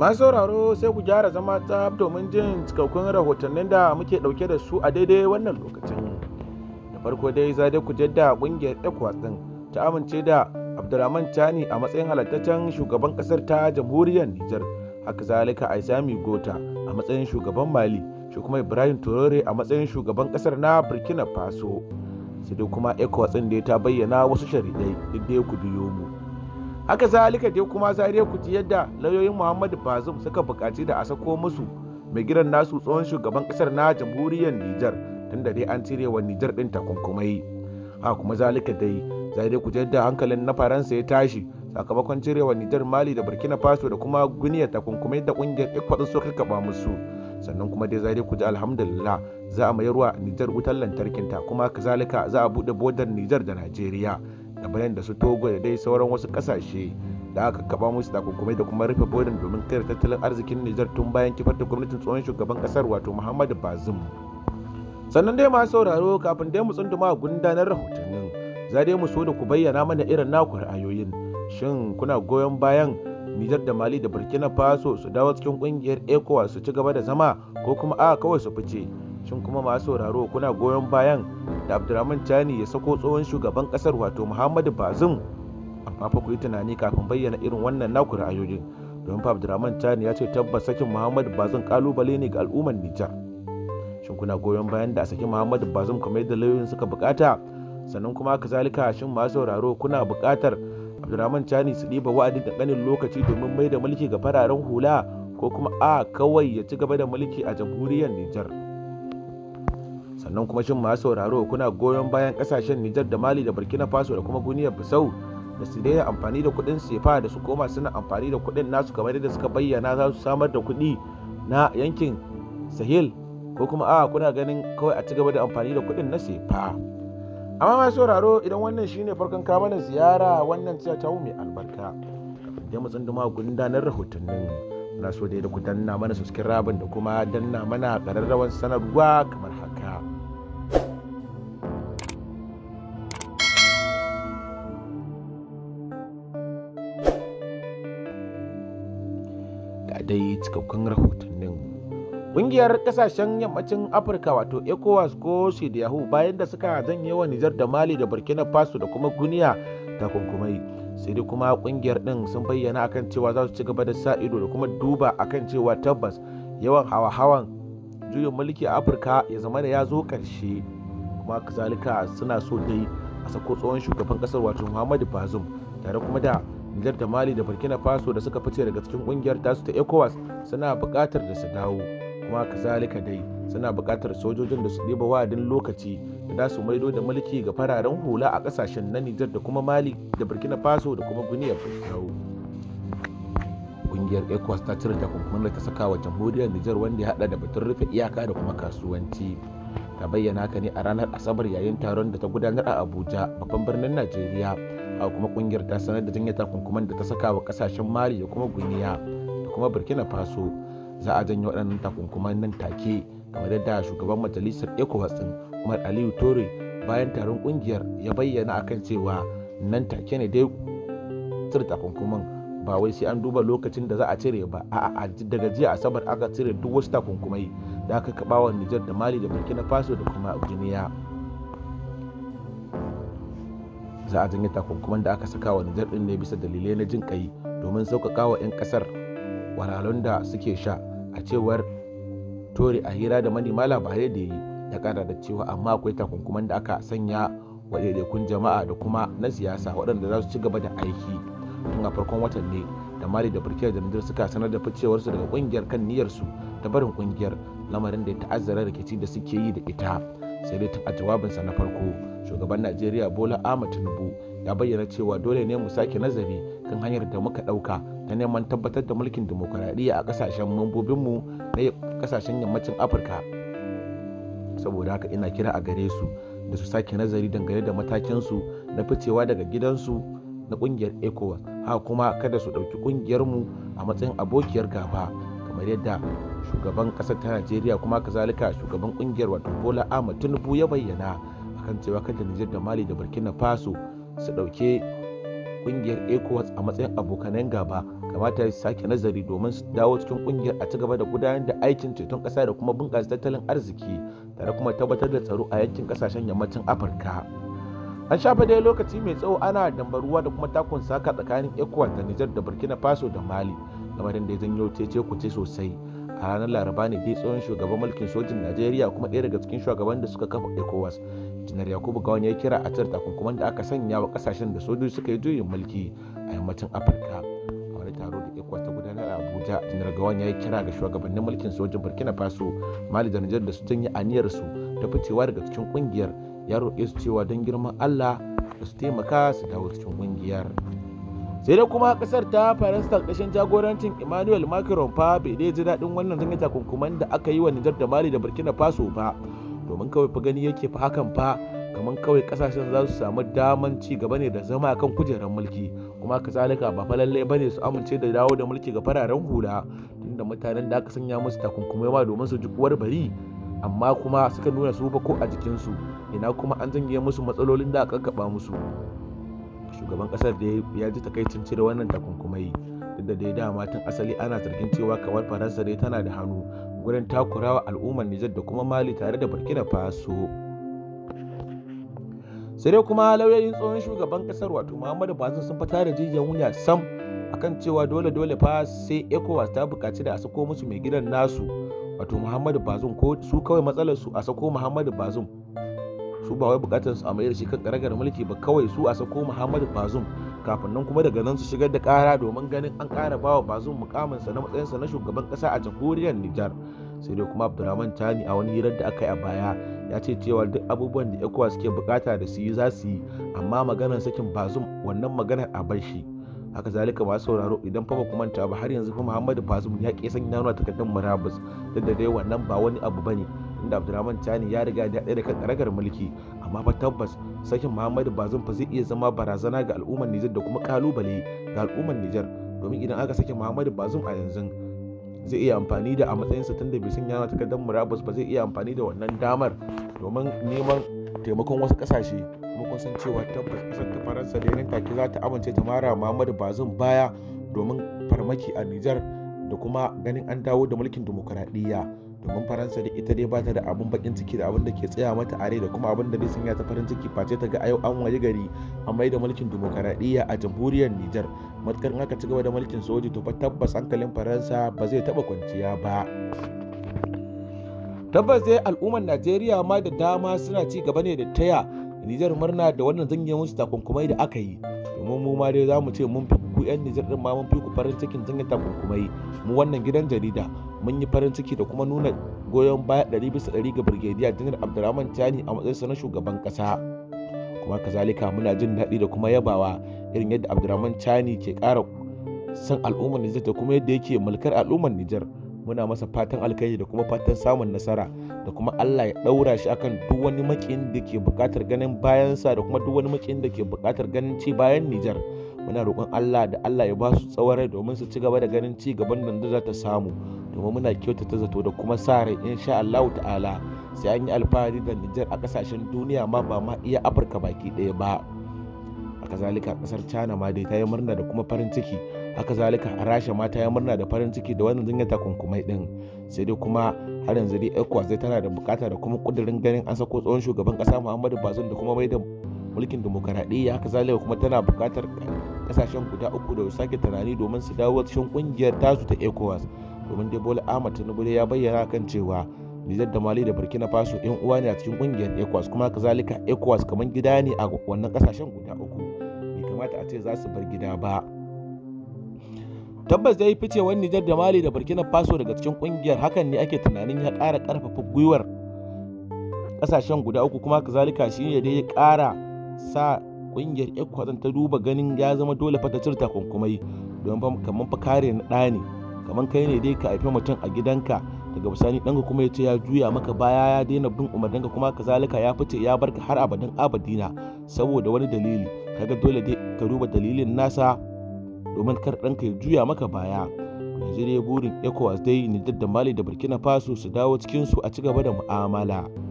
masu sauraro sai ku gyara zama ta domin jin cikakkun rahotannin da muke ɗauke da su a daidai wannan lokacin da farko dai za ku jadda kungiyar ecowas ɗin ta amince da abdulrahman tani a matsayin halattaccen shugaban Kasar ta jamhuriyar nijar haka zalika sami gota a matsayin shugaban mali shi kuma ibrahim torore a matsayin shugaban Kasar na burkina faso sai dai kuma ecowas ɗin da ta bayyana wasu shari'ai duk ku biyo mu haka zalika dai kuma zariya ji yadda lauyoyin muhammadu bazum suka buƙaci da a sako musu mai gidan nasu tsohon shugaban ƙasar na jamhuriyar nijar tunda dai an cire wa nijar ɗin takunkumai Haka kuma zalika dai zariya ji yadda hankalin na faransa ya tashi sakamakon cire wa nijar mali da burkina faso da kuma guniya takunkumai da ƙungiyar ekwadin suka kaba musu sannan kuma dai zare ku ji alhamdulillah za a mayarwa nijar wutar lantarkinta kuma kazalika za a buɗe bodar nijar da najeriya kamar da su togo da dai sauran wasu kasashe da aka kaba musu takunkumai da kuma rufe bodin domin kare tattalin arzikin nijar tun bayan kifar da gwamnatin tsohon shugaban kasar wato muhammadu bazum sannan dai masu sauraro kafin dai mu tsunduma gundanar rahotannin za dai mu so da ku bayyana mana irin naku ra'ayoyin shin kuna goyon bayan Nijar da Mali da Burkina Faso su dawo cikin kungiyar ECOWAS su ci gaba da zama ko kuma a kawai su fice shin kuma masu sauraro kuna goyon bayan da abdulrahman chani ya sako tsohon shugaban kasar wato muhammadu bazum amma fa ku yi tunani kafin bayyana irin wannan naku ra'ayoyin domin fa abdulrahman chani ya ce tabbas sakin muhammadu bazum kalubale ne ga al'ummar nijar shin kuna goyon bayan da a saki muhammadu bazum kamar yadda lauyoyin suka bukata sannan kuma kazalika shin masu sauraro kuna bukatar abdulrahman chani su ɗiba wa'adin ƙanƙanin lokaci domin mai da mulki ga fararen hula ko kuma a kawai ya ci gaba da mulki a jamhuriyar nijar sannan kuma shin masu sauraro kuna goyon bayan kasashen Nijar da Mali da Burkina Faso da kuma Guniya Bissau da su daina amfani da kuɗin sefa da su koma suna amfani da kuɗin nasu kamar yadda suka bayyana za su samar da kuɗi na yankin Sahel ko kuma a kuna ganin kawai a ci gaba da amfani da kuɗin na sefa amma masu sauraro idan wannan shine farkon kamar ziyara wannan cewa ta mai albarka kafin dai mu tsunduma gundanar rahotannin na so dai da ku danna mana rabin da kuma danna mana ƙararrawan sanarwa kamar haka dai cikakkun rahotannin Ƙungiyar ƙasashen yammacin Afirka wato ECOWAS ko Yahoo bayan da suka zanye wa Nijar da Mali da Burkina Faso da kuma Guniya takunkumai. Sai dai kuma kungiyar din sun bayyana akan cewa za su ci gaba da sa ido da kuma duba akan cewa tabbas yawan hawa-hawan juyin mulki a Afirka ya zama da ya zo ƙarshe. Kuma kazalika suna so dai a sako tsohon shugaban ƙasar wato Muhammadu Bazoum tare kuma da Nijar da Mali da Burkina Faso da suka fice daga cikin kungiyar tasu ta ECOWAS suna buƙatar da su dawo kuma kazalika dai suna buƙatar sojojin da su ɗiba wa'adin lokaci da za su maido da mulki ga fararen hula a ƙasashen na Nijar da kuma Mali da Burkina Faso da kuma Guinea Bissau. Kungiyar ECOWAS ta cire takunkumin da ta saka wa jamhuriyar Nijar wanda ya haɗa da batun rufe iyaka da kuma kasuwanci. Ta bayyana haka ne a ranar Asabar yayin taron da ta gudanar a Abuja babban birnin Najeriya. kuma kungiyar ta sanar da jinyar takunkuman da ta saka wa kasashen mali da kuma guniya da kuma burkina faso za a janye waɗannan takunkuman nan take kamar yadda shugaban majalisar ecowas din umar aliyu tore bayan taron kungiyar ya bayyana akan cewa nan take ne dai cire takunkuman ba wai sai an duba lokacin da za a cire ba a daga jiya asabar aka cire duk wasu takunkumai da aka kaba wa nijar da mali da burkina faso da kuma guinea za a janye takunkuman da aka saka wa Nijar din ne bisa dalilai na jin kai domin sauƙaƙa wa 'yan ƙasar wahalhalun da suke sha a cewar tori a hira da manema labarai da yi ya ƙara da cewa amma akwai takunkuman da aka sanya wa ɗaiɗaikun jama'a da kuma na siyasa waɗanda za su ci gaba da aiki tun a farkon watan ne da mali da burkina da nijar suka sanar da ficewarsu daga ƙungiyar kan niyyarsu ta barin ƙungiyar lamarin da ya ta'azzara rikici da suke yi da ita sai dai tun a jawabinsa na farko shugaban najeriya bola ahmad tinubu ya bayyana cewa dole ne mu sake nazari kan hanyar da muka ɗauka ta neman tabbatar da mulkin dimokuraɗiyya a ƙasashen mambobinmu na ƙasashen yammacin afirka saboda haka ina kira a gare su da su sake nazari dangane da matakinsu na ficewa daga gidansu na ƙungiyar ecowas haka kuma kada su ɗauki ƙungiyarmu a matsayin abokiyar gaba kamar yadda shugaban kasar ta najeriya kuma kazalika shugaban kungiyar wato bola ahmad tinubu ya bayyana akan cewa kada nijar da mali da burkina faso su ɗauke kungiyar ecowas a matsayin abokanan gaba kamata su sake nazari domin su dawo cikin kungiyar a ci gaba da gudanar da aikin ceton kasa da kuma bunƙasa tattalin arziki tare kuma tabbatar da tsaro a yankin kasashen yammacin afirka an shafa dai lokaci mai tsawo ana dambaruwa da kuma takun saka tsakanin ecowas da nijar da burkina faso da mali lamarin da ya janyo cece kuce sosai a ranar laraba ne dai tsohon shugaban mulkin sojin najeriya kuma ɗaya daga cikin shugaban da suka kafa ecowas janar yakubu gawan ya kira a cire takunkuman da aka sanya wa kasashen da sojoji suka yi juyin mulki a yammacin afirka a wani taro da ecowas ta gudanar a abuja janar gawan ya yi kira ga shugabannin mulkin sojin burkina faso mali da nijar da su janye su ta fitewa daga cikin kungiyar ya roƙe su cewa don girman allah da su taimaka su dawo cikin kungiyar sai dai kuma kasar ta faransa ƙarshen jagorancin emmanuel macron fa bai dai ji daɗin wannan zanga takunkuman da aka yi wa nijar da mali da burkina faso ba domin kawai fa gani yake fa hakan fa kamar kawai kasashen za su samu daman ci gaba ne da zama kan kujerar mulki kuma kasalika ba fa lallai bane su amince da dawo da mulki ga fararen hula tunda mutanen da aka sanya musu takunkumai ma domin su ji uwar bari amma kuma suka nuna su ba ko a jikinsu ina kuma an janye musu matsalolin da aka kaba musu shugaban kasar da ya ji takaicin cire wannan takunkumai duk da dai dama tun asali ana zargin cewa kamar faransa dai tana da hannu gurin takurawa al'ummar nijar da kuma mali tare da burkina faso sai dai kuma lauyoyin tsohon shugaban kasar wato muhammadu bazin sun fita da jijiyar wuya sam akan cewa dole dole fa sai ecowas ta buƙaci da a sako musu mai gidan nasu wato muhammadu bazum ko su kawai matsalar su a sako muhammadu bazum su ba wai bukatar su a mayar shi kan karagar mulki ba kawai su a sako muhammadu bazum kafin nan kuma daga nan su shigar da kara domin ganin an kara bawa bazum mukaminsa na matsayinsa na shugaban kasa a jamhuriyar nijar sai dai kuma abdulrahman tani a wani hirar da aka yi a baya ya ce cewa duk abubuwan da ecowas suke bukata da su yi za su yi amma maganar sakin bazum wannan maganar a bar shi haka zalika masu sauraro idan fa ku manta ba har yanzu fa Muhammadu Bazum ya ke sanya nuna takardun murabus duk da dai wannan ba wani abu bane inda abdulrahman chani ya riga da ɗaya kan karagar mulki amma ba tabbas sakin muhammadu bazum fa zai iya zama barazana ga al'ummar nijar da kuma kalubale ga al'ummar nijar domin idan aka sake muhammadu bazum a yanzu zai iya amfani da a matsayinsa sa tunda bai sun yana takardar murabus ba zai iya amfani da wannan damar domin neman taimakon wasu kasashe kuma kun san cewa tabbas kasar ta faransa da yanin take za ta amince ta mara muhammadu bazum baya domin farmaki a nijar da kuma ganin an dawo da mulkin dimokuraɗiyya domin faransa da ita dai ba ta da abin bakin ciki da abin da ke tsaya mata a da kuma abin da zai sanya ta farin ciki face ta ga a yau an waje gari a mai da mulkin dimokuraɗiyya a jamhuriyar nijar matukar aka ci gaba da mulkin soji to fa tabbas hankalin faransa ba zai taba kwanciya ba tabbas dai al'ummar najeriya ma da dama suna ci gaba ne da taya nijar murna da wannan zange musu takunkumai da aka yi domin mu ma dai za mu ce mun fi ku 'yan nijar ɗin ma mun fi ku farin cikin zange takunkumai mu wannan gidan jarida mun yi farin ciki da kuma nuna goyon baya ɗari bisa ɗari ga Birgediya Janar Abdurrahman Tani a matsayinsa na shugaban ƙasa. Kuma kazalika muna jin daɗi da kuma yabawa irin yadda Abdurrahman Tani ke ƙara san al'ummar Nijar da kuma yadda yake mulkar al'ummar Nijar. Muna masa fatan alkhairi da kuma fatan samun nasara da kuma Allah ya ɗaura shi akan duk wani makin da ke buƙatar ganin bayansa da kuma duk wani makin da ke buƙatar ganin ci bayan Nijar. muna roƙon Allah da Allah ya ba su tsawarai domin su ci gaba da ganin ci gaban da za ta samu domin muna kyautata zato da kuma sa rai insha Allah ta'ala sai an yi alfahari da Nijar a kasashen duniya ma ba ma iya Afirka baki ɗaya ba haka zalika kasar China ma dai ta yi murna da kuma farin ciki haka zalika a Rasha ma ta yi murna da farin ciki da wannan jinya takunkumai din sai dai kuma har yanzu dai ECOWAS tana da bukata da kuma kudirin ganin an sako tsohon shugaban kasa Muhammadu Bazoum da kuma mai da mulkin demokaradiyya haka zalika kuma tana buƙatar ƙasashen guda uku da sake tunani domin su dawo cikin kungiyar tasu ta ecowas domin dai bola ahmad tinubu ya bayyana kan cewa nijar da mali da burkina faso yan uwa ne a cikin kungiyar ecowas kuma haka zalika ecowas kamar gida ne a wannan ƙasashen guda uku bai kamata a ce za su bar gida ba tabbas dai wani nijar da mali da burkina faso daga cikin kungiyar hakan ne ake tunanin ya ƙara ƙarfafa gwiwar kasashen guda uku kuma haka zalika shi ne dai ya ƙara sa ƙungiyar ecuador ta duba ganin ya zama dole fa ta cire takunkumai don fa kamar fa kare na ɗa ne kamar kai ne dai ka haifi mutum a gidanka daga bisani ɗanka kuma ya ce ya juya maka baya ya daina bin umarninka kuma kazalika ya fice ya barka har abadan abadina saboda wani dalili kaga dole dai ka duba dalilin nasa domin kar ɗanka ya juya maka baya yanzu burin ecowas dai nijar da mali da burkina faso su dawo cikin su a ci gaba da mu'amala